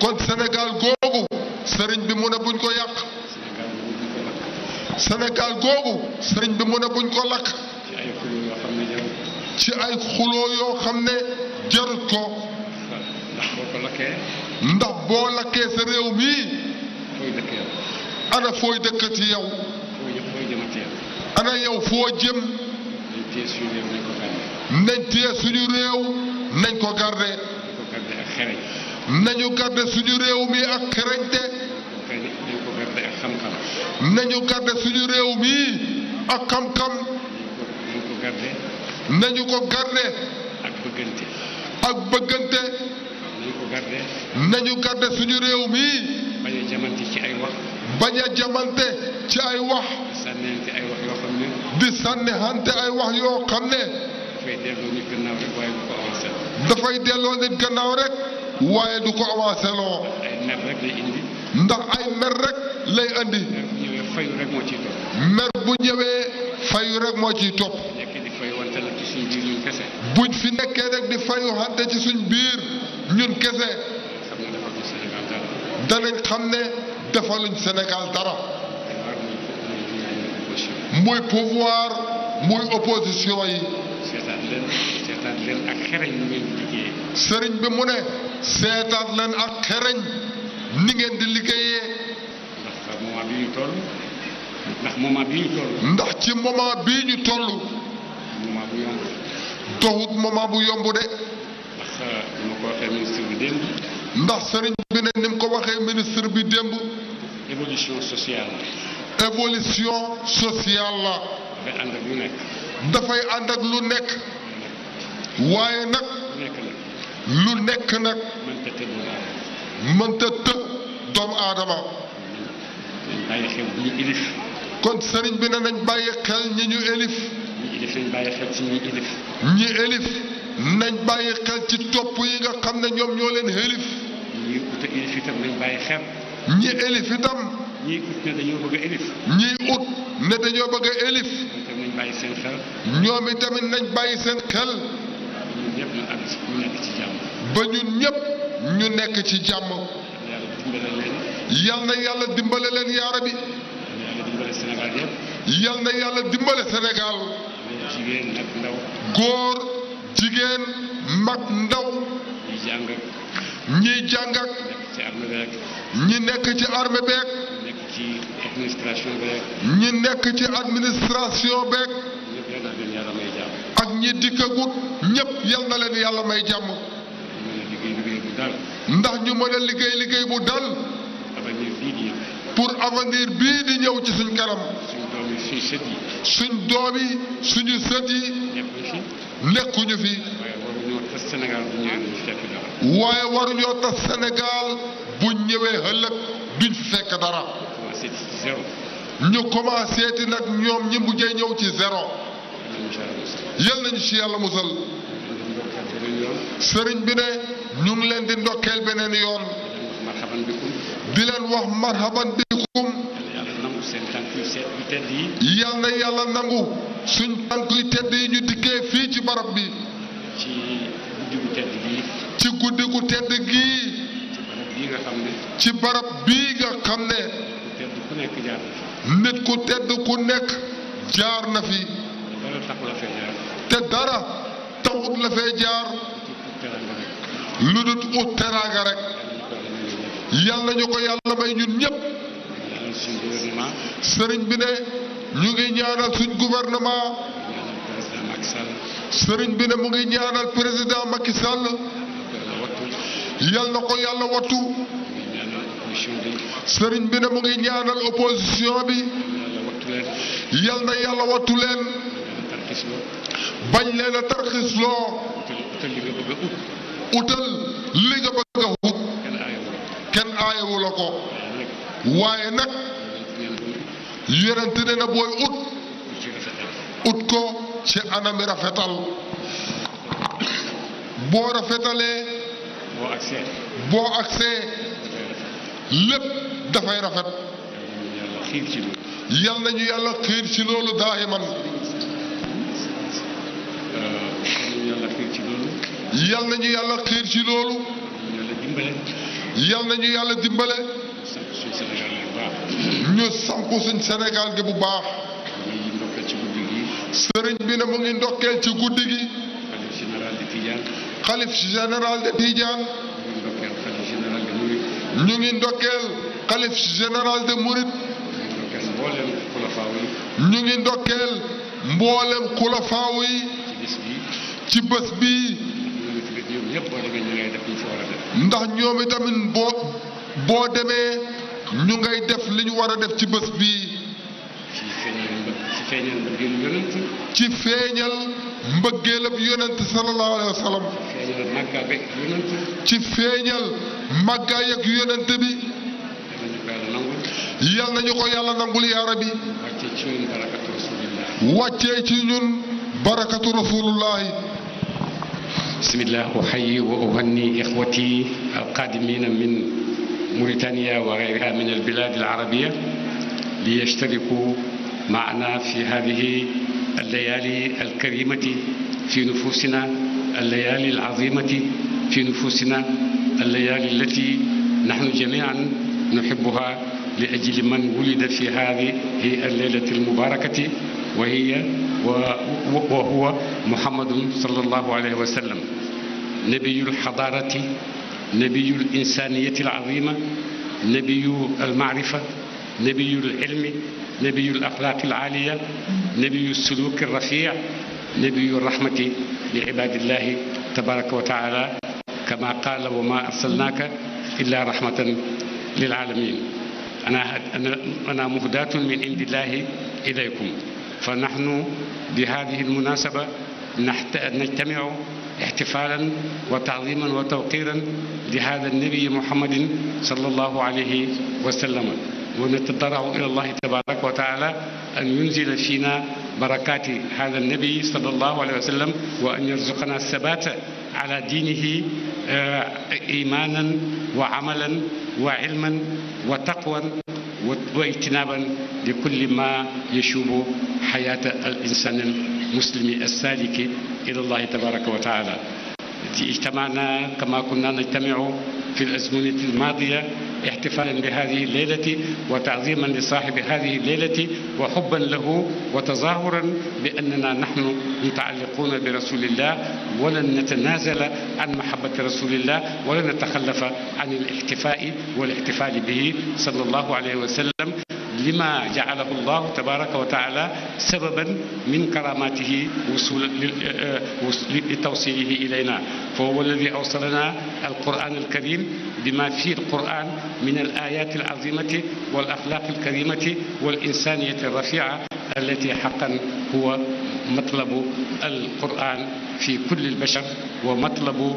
kon googu. sëriñ bi mu ne buñ ko yàq. Sénégal googu sëriñ bi mu ne buñ ko lakk. ci ay xuloo yoo xam ne jarut ko. ndax boo ko lakkee. ndax boo réew mii. ana fooy dëkkati yow. ana yow foo jëm. téye suñu réew nañ nañ ko garder. nañu garder suñu réew mi ak xereñte. nañ ko garder nañu garder suñu réew mi ak xam-xam. ko garder. nañu ko garder. ak bëggante. ak bëggante. nañu ko garder. nañu suñu réew mi. bañ a jamante ci ay wax. di sànni xante ay wax yoo xam ne. dafay delloo nit gannaaw rek waaye du ko avancé loo. ndax ay mer rek lay andi. mer bu fayu rek moo ci topp. buñ fi nekkee rek di fayu xante ci suñ biir ñun kese. xam ne defaluñ Sénégal dara. muy pouvoir muy opposition yi. sëriñ bi mu ne seetaat ak xereñ ni ngeen di liggéeyee. ndax ci moment bii ñu toll. moment bu bu yomb de. Euh, ndax sëriñ bi ne ni mu ko waxee ministre bi démb. évolution sociale. évolution sociale la. dafay ànd ak lu nekk. waaye nag. lu nekk nag. mënta tëb doomu aadama. kon sëriñ bi na nañ bàyyi xel ñi ñu élif. ñi élif nañ bàyyi xel ci ñi topp yi nga xam ne ñoom ñoo leen élif. ñi élif itam. ñii ut ne dañoo bëgg a dañoo bëgg a ñoom itam nañ itamit nañ bàyyi seen xel. ñun ñu nekk ci jàmm. ba ñun ñëpp ñu nekk ci jàmm. yal na yàlla dimbale leen yaara bi. yal na yàlla dimbale Sénégal. jigéen nag ndaw. góor jigéen mag ndaw. ñiy jàng ñi nekk ci armée ci ñi nekk ci administration beeg. ak ñi dikkagut ñëpp yal na leen yàlla may jàmm. ndax ñu mën a liggéey liggéey bu dal. pour avenir bii di ñëw ci suñ kanam. suñ doom suñu sët nekkuñu fi. waaye waruñoo tas Sénégal bu ñëwee ëllëg duñ fi fekk dara. ñu commencé ti nag ñoom ñi mujjee ñëw ci zéro. yal nañu ci yàlla musal. sëriñ bi ne ñu ngi leen di ndokkeel beneen yoon. di leen wax marhaban bikum. yal na yàlla nangu suñ tànk yu tedd yi ñu dikkee fii ci barab bi. ci guddigu tedd gii. ci guddigu tedd gii. ci barab bii nga xam ne. nekk jaar nit ku tedd ku nekk jaar na fi. te dara taxut la fee jaar. lu dut ut teraanga rek. yàlla ñu ko yàlla may ñun ñëpp. sëriñ bi ne ñu ngi ñaanal suñ gouvernement. sëriñ bi ne mu ngi ñaanal président Macky Sall. na ko yàlla wattu. sëriñ bi ne mu ngi ñaanal opposition bi yal na yàlla wattu leen bañ leen a tarxisloo utal li nga bëgg a ut kenn aayewu la ko waaye nag yonent ne na booy ut ut ko ci anami rafetal boo rafetalee boo agsee lépp dafay rafet yal nañu yàlla xiir ci loolu daayiman yal nañu yàlla xiir ci loolu yal nañu yàlla dimbale ñu sampu suñ Sénégal gi bu baax sëriñ bi ne mu ngi ci guddi gi xalif de Tidiane ñu ngi ndokkeel xalif général de Mouride. ñu ngi ndokkeel mboolem xulafaaw yi. ci bés bi ndax ñoom itamit boo boo demee ñu ngay def li ñu war a def ci bés bi ci feeñal mbëggeelab yonent sallallahu alayhi wa sallam ci feeñal màggaay ak yonent bi yal nañu ko yàlla nangul yaa rabbi wàccee ci ñun barakatu rasulullahi bismillah uxayi wa uhanni ixwati alqaadimina min mauritania wa gayriha min albilad alarabia li yashtariku معنا في هذه الليالي الكريمة في نفوسنا الليالي العظيمة في نفوسنا الليالي التي نحن جميعا نحبها لأجل من ولد في هذه الليلة المباركة وهي وهو محمد صلى الله عليه وسلم نبي الحضارة نبي الإنسانية العظيمة نبي المعرفة نبي العلم نبي الأخلاق العالية نبي السلوك الرفيع نبي الرحمة لعباد الله تبارك وتعالى kama qaala wa ma arsalnaaka illa rahmatan lil alamin ana muhdatun min indillahi ilaykum fa nahnu bi hadihi almunasaba najtamiu ixtifalan wa taadiman wa tawqiran li hada annabiyi muhammadin sallallahu alayhi wa sallama ونتضرع إلى الله تبارك وتعالى أن ينزل فينا بركات هذا النبي صلى الله عليه وسلم وأن يرزقنا الثبات ala diinihi imaanan wa amalan wa ilman wa taqwan wa ijtinaaban li kulli ma yashubu xayaata al insaani al muslimi as-saaliki ila allahi tabaraka wa taala ijtamaana kama kunna najtamiu fi al azmunati al maadiya احتفالا بهذه الليلة وتعظيما لصاحب هذه الليلة وحبا له وتظاهرا بأننا نحن متعلقون برسول الله ولن نتنازل عن محبة رسول الله ولن نتخلف عن الاحتفاء والاحتفال به صلى الله عليه وسلم lima jaalahu llahu tabaraka wa taala sababan min karamatihi wusul li tawsilihi ilayna fa huwa alladi awsalana alquran alkarim bima fi alquran min alayat alazimati والاخلاق الكريمه والانسانيه الرفيعه التي حقا هو مطلب القرآن في كل البشر ومطلب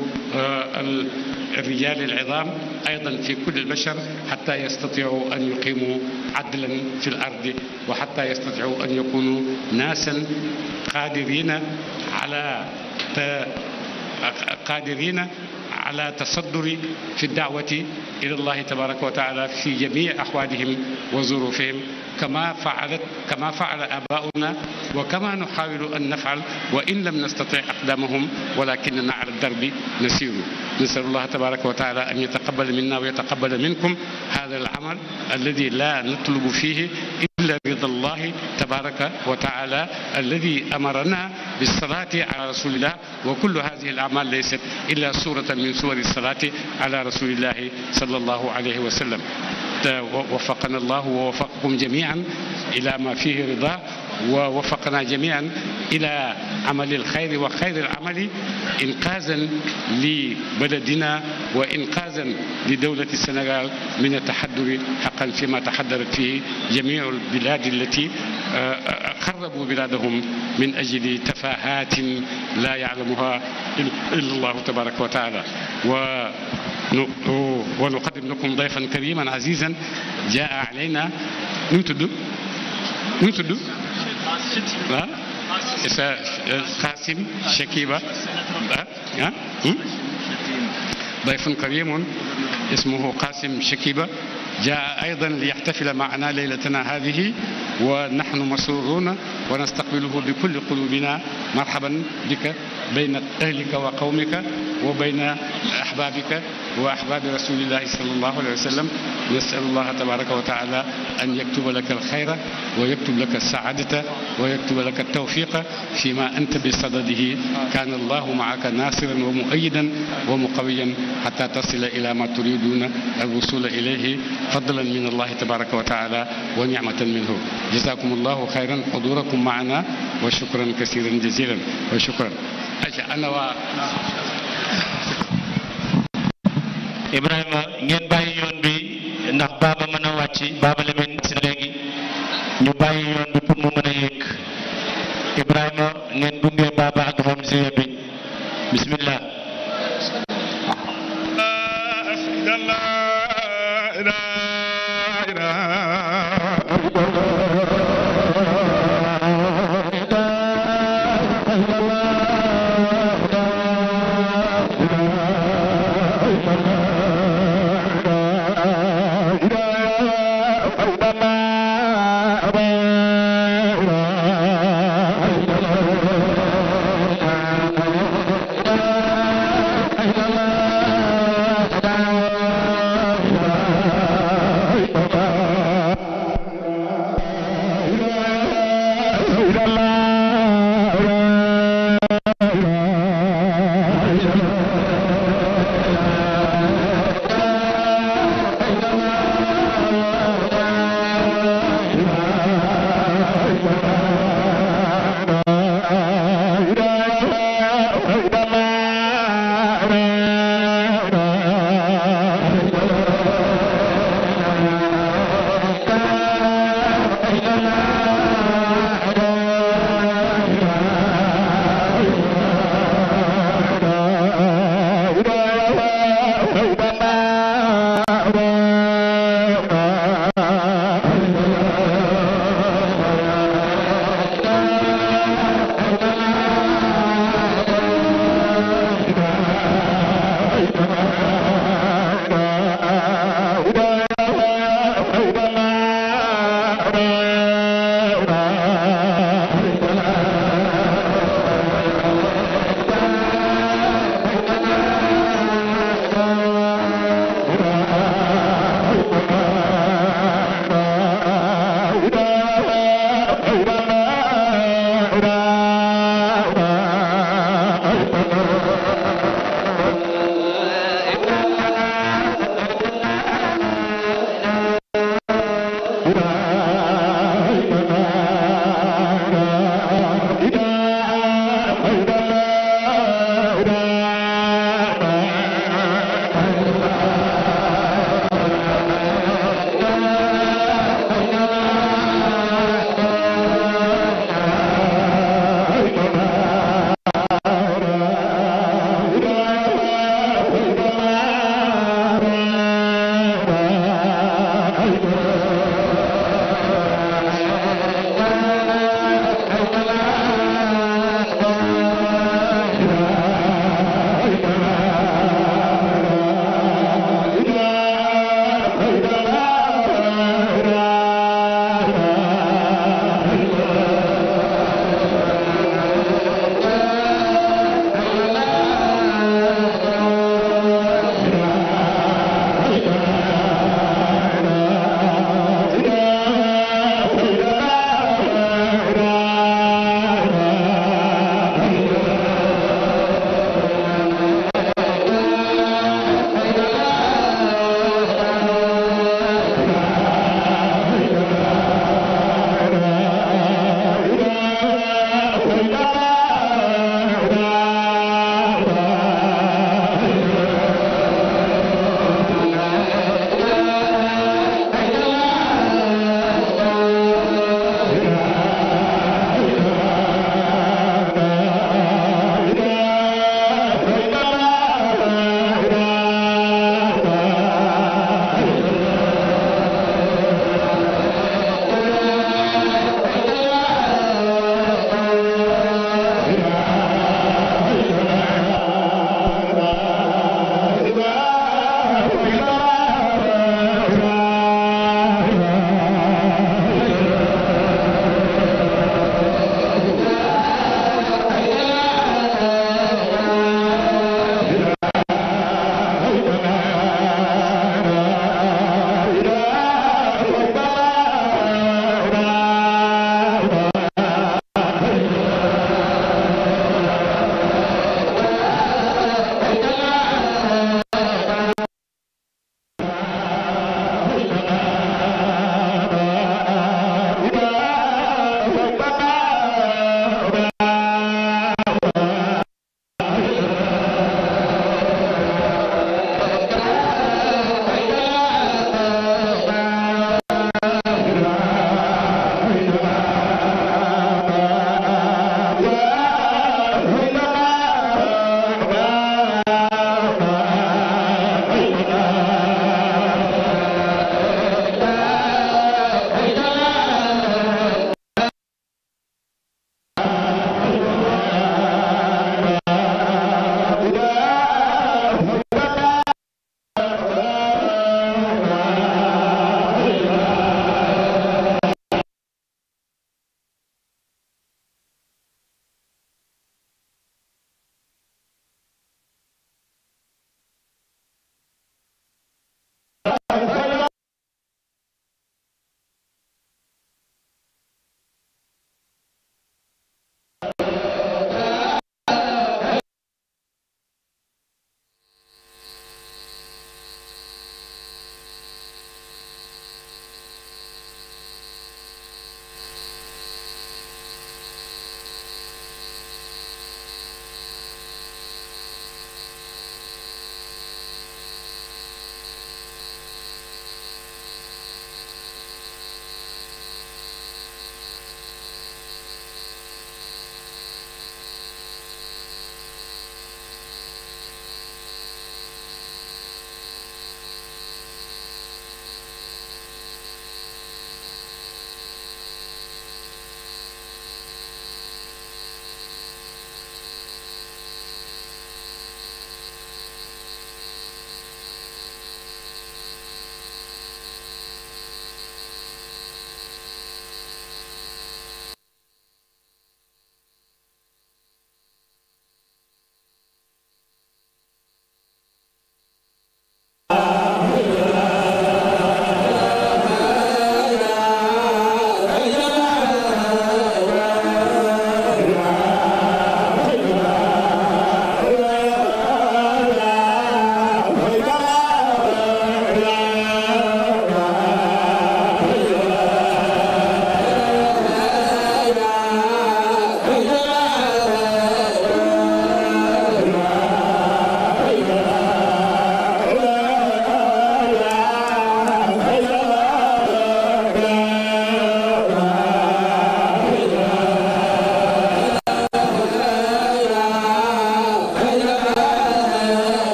الرجال العظام أيضا في كل البشر حتى يستطيعوا أن يقيموا عدلا في الأرض وحتى يستطيعوا أن يكونوا ناسا قادرين على قادرين ala tasadduri fi daawati ila allahi tabaraka wa taala fi jamii axwaalihim wa zurufihim kama faalat kama faala abauna wa kama nuxaawilu an nafal wa in lam nastati aqdamahum walakinna ala darbi nasiru نسأل الله تبارك وتعالى أن يتقبل منا ويتقبل منكم هذا العمل الذي لا نطلب فيه إلا رضا الله تبارك وتعالى الذي أمرنا بالصلاة على رسول الله وكل هذه الأعمال ليست إلا صورة من صور الصلاة على رسول الله صلى الله عليه وسلم وفقنا الله ووفقكم جميعا إلى ما فيه رضاه ووفقنا جميعا إلى عمل الخير وخير العمل إنقاذا لبلدنا وإنقاذا لدولة السنغال من التحدر حقا فيما تحدرت فيه جميع البلاد التي خربوا بلادهم من أجل تفاهات لا يعلمها إلا الله تبارك وتعالى و ونقدم لكم ضيفا كريما عزيزا جاء علينا nu tudd nu tudd ah sa Xaasim Shakiba ah ضيف كريم اسمه قاسم شكيبة جاء أيضا ليحتفل معنا ليلتنا هذه ونحن مسرورون ونستقبله بكل قلوبنا مرحبا بك bayna ahlika wa qawmika wa bayna ahbabika wa ahbabi rasulillahi sallallahu alayhi wa sallam nasalu allaha tabaraka wa taala an yaktuba laka alxayra wa yaktub laka saadata wa yaktuba laka tawfiqa fi ma anta bi sadadihi kaana allahu maaka nasiran wa muayidan wa muqawiyan xata tasila ila ma turiduna alwusula ilayhi fadlan min allahi tabaraka wa taala wa nicmatan minhu jazakum allahu xayran xudurakum maana wa shukran kasiran jazilan wa shukran aca ana waa Ibrahima ngeen bàyyi yoon bi ndax baaba mën a wàcc baaba si léegi ñu bàyyi yoon bi pour mu mën a yéeg Ibrahima ngeen gunge baaba ak doxam bi bismillah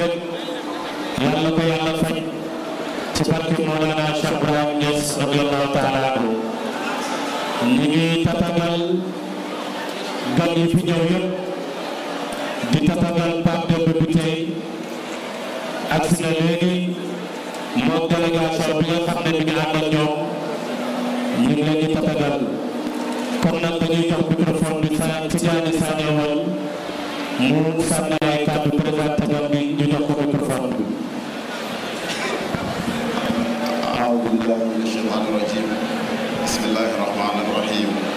nag na ko yàlla faj ci barke Mawlana Cheikh Ibrahim Niass radiyallahu taala anhu ñu ngi tatagal gan fi ñëw yëpp di tatagal Pape Demba Bitèye agsi na léegi moom délégation bi nga xam ne mi ngi ànd ak ñoom ñu ngi leen tatagal kon nag dañuy jox microphone bi sa Tidiane Sané Wal mu sànni ay kàddu présenté الرحمن الرحيم بسم الله الرحمن الرحيم